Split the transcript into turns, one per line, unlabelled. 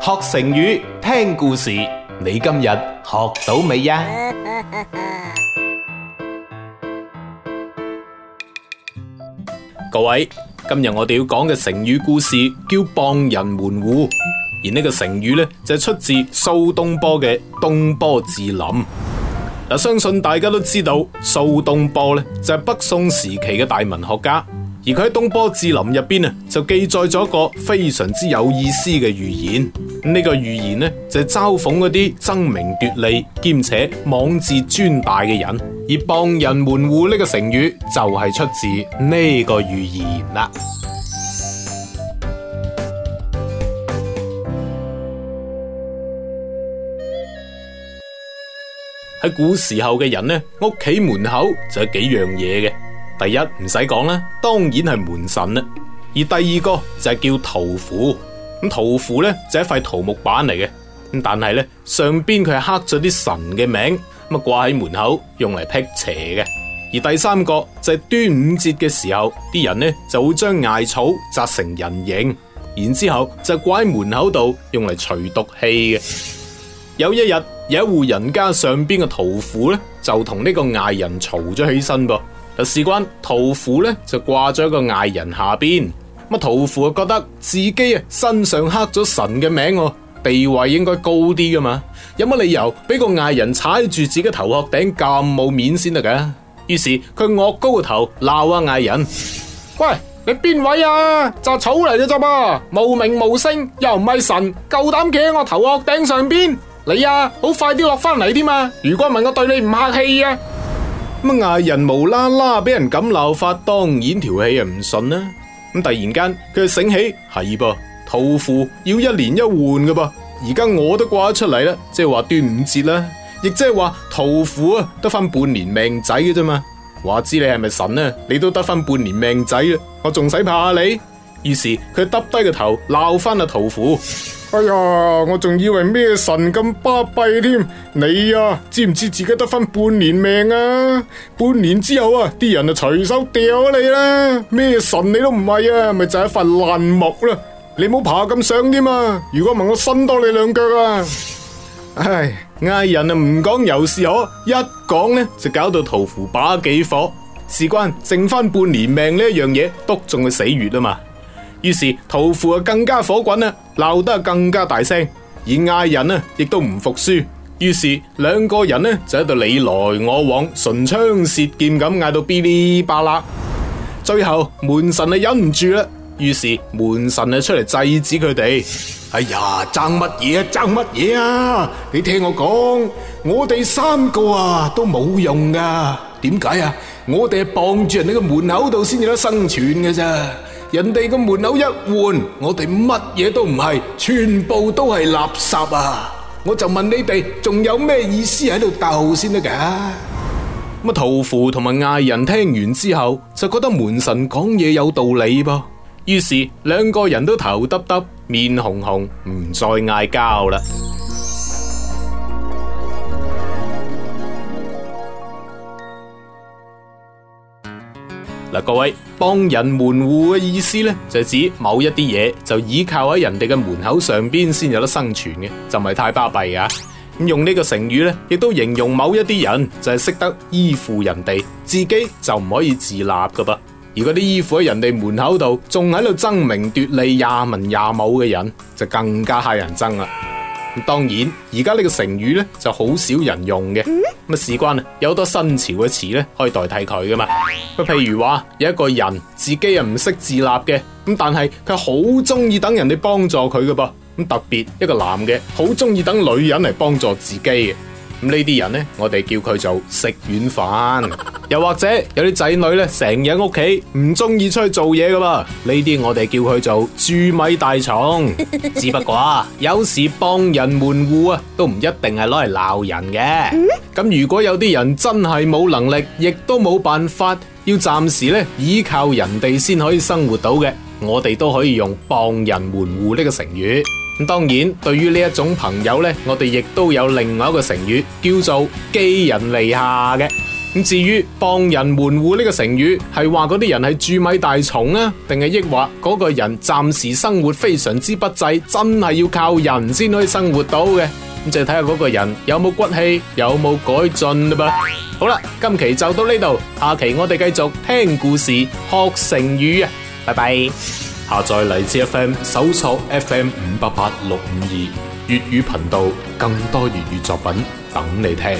學成語，聽故事，你今日學到未呀？ 各位，今日我哋要講嘅成語故事叫傍人門戶，而呢個成語呢，就係、出自蘇東坡嘅《東坡志林》。嗱，相信大家都知道蘇東坡呢，就係、是、北宋時期嘅大文學家。而佢喺《東坡志林》入邊啊，就記載咗一個非常之有意思嘅寓言。呢、這個寓言呢，就是、嘲諷嗰啲爭名奪利兼且妄自尊大嘅人。而傍人門戶呢、這個成語就係、是、出自呢個寓言啦。喺 古時候嘅人呢，屋企門口就有幾樣嘢嘅。第一唔使講啦，當然係門神啦。而第二個就係叫桃符，咁桃符咧就一塊桃木板嚟嘅，但係呢，上邊佢係刻咗啲神嘅名，咁啊掛喺門口用嚟辟邪嘅。而第三個就係端午節嘅時候，啲人呢就會將艾草紮成人形，然之後就掛喺門口度用嚟除毒氣嘅。有一日，有一戶人家上邊嘅桃符呢，就同呢個艾人嘈咗起身噃。事關屠夫呢，就掛咗一個艾人下邊。咁屠夫覺得自己啊身上刻咗神嘅名，地位應該高啲噶嘛。有乜理由俾個艾人踩住自己頭殼頂咁冇面先得嘅？於是佢惡高個頭，鬧啊艾人，喂，你邊位啊？就草嚟嘅咋噃，無名無姓，又唔係神，夠膽企喺我頭殼頂上邊？你啊，好快啲落翻嚟添嘛！如果唔係我對你唔客氣啊？咁艾人無啦啦俾人咁鬧法，當然條氣啊唔順啦。咁突然間佢醒起，係噃桃符要一年一換嘅噃，而家我都掛咗出嚟啦，即係話端午節啦，亦即係話桃符啊得翻半年命仔嘅啫嘛。話知你係咪神啊？你都得翻半年命仔啊！我仲使怕你？於是佢耷低個頭，鬧翻阿桃符。哎呀，我仲以為咩神咁巴閉添？你啊，知唔知自己得翻半年命啊？半年之後啊，啲人就隨手掉咗你啦。咩神你都唔係啊，咪就係、是、一塊爛木啦。你冇爬咁上添啊！如果唔係我伸多你兩腳啊？唉，嗌人啊唔講猶自可，一講呢，就搞到屠夫把幾火。事關剩翻半年命呢一樣嘢，督中佢死穴啊嘛。於是屠夫啊更加火滾啦。鬧得更加大聲，而嗌人呢亦都唔服輸，於是兩個人呢就喺度你來我往，唇槍舌劍咁嗌到嗶哩吧啦。最後門神就忍唔住啦，於是門神就出嚟制止佢哋。哎呀，爭乜嘢啊，爭乜嘢啊！你聽我講，我哋三個啊都冇用噶，點解啊？我哋係傍住人哋個門口度先至得生存噶咋。.人哋個門口一換，我哋乜嘢都唔係，全部都係垃圾啊！我就問你哋，仲有咩意思喺度鬥先得噶？咁啊，屠夫同埋艾人聽完之後，就覺得門神講嘢有道理噃，啊，於是兩個人都頭耷耷、面紅紅，唔再嗌交啦。嗱，各位，傍人門戶嘅意思呢，就係指某一啲嘢就倚靠喺人哋嘅門口上邊先有得生存嘅，就唔係太巴閉啊。咁用呢個成語呢，亦都形容某一啲人就係識得依附人哋，自己就唔可以自立噶噃。如果啲依附喺人哋門口度，仲喺度爭名奪利、廿文廿武嘅人，就更加吓人憎啦。當然，而家呢個成語呢就好少人用嘅。咁啊，事關啊，有好多新潮嘅詞咧可以代替佢噶嘛。譬如話，有一個人自己啊唔識自立嘅，咁但係佢好中意等人哋幫助佢噶噃。咁特別一個男嘅，好中意等女人嚟幫助自己嘅。咁呢啲人呢，我哋叫佢做食軟飯。又或者有啲仔女咧，成日屋企唔中意出去做嘢噶嘛？呢啲我哋叫佢做蛀米大蟲。 只不過有時傍人門戶啊，都唔一定係攞嚟鬧人嘅。咁、嗯、如果有啲人真係冇能力，亦都冇辦法，要暫時咧依靠人哋先可以生活到嘅，我哋都可以用傍人門戶呢個成語。咁當然，對於呢一種朋友呢，我哋亦都有另外一個成語叫做寄人籬下嘅。咁至於傍人門戶呢個成語，係話嗰啲人係住米大蟲啊，定係抑或嗰個人暫時生活非常之不濟，真係要靠人先可以生活到嘅。咁就睇下嗰個人有冇骨氣，有冇改進啦噃。好啦，今期就到呢度，下期我哋繼續聽故事學成語啊。拜拜。下載荔枝 FM，搜索 FM 五八八六五二粵語頻道，更多粵語作品等你聽。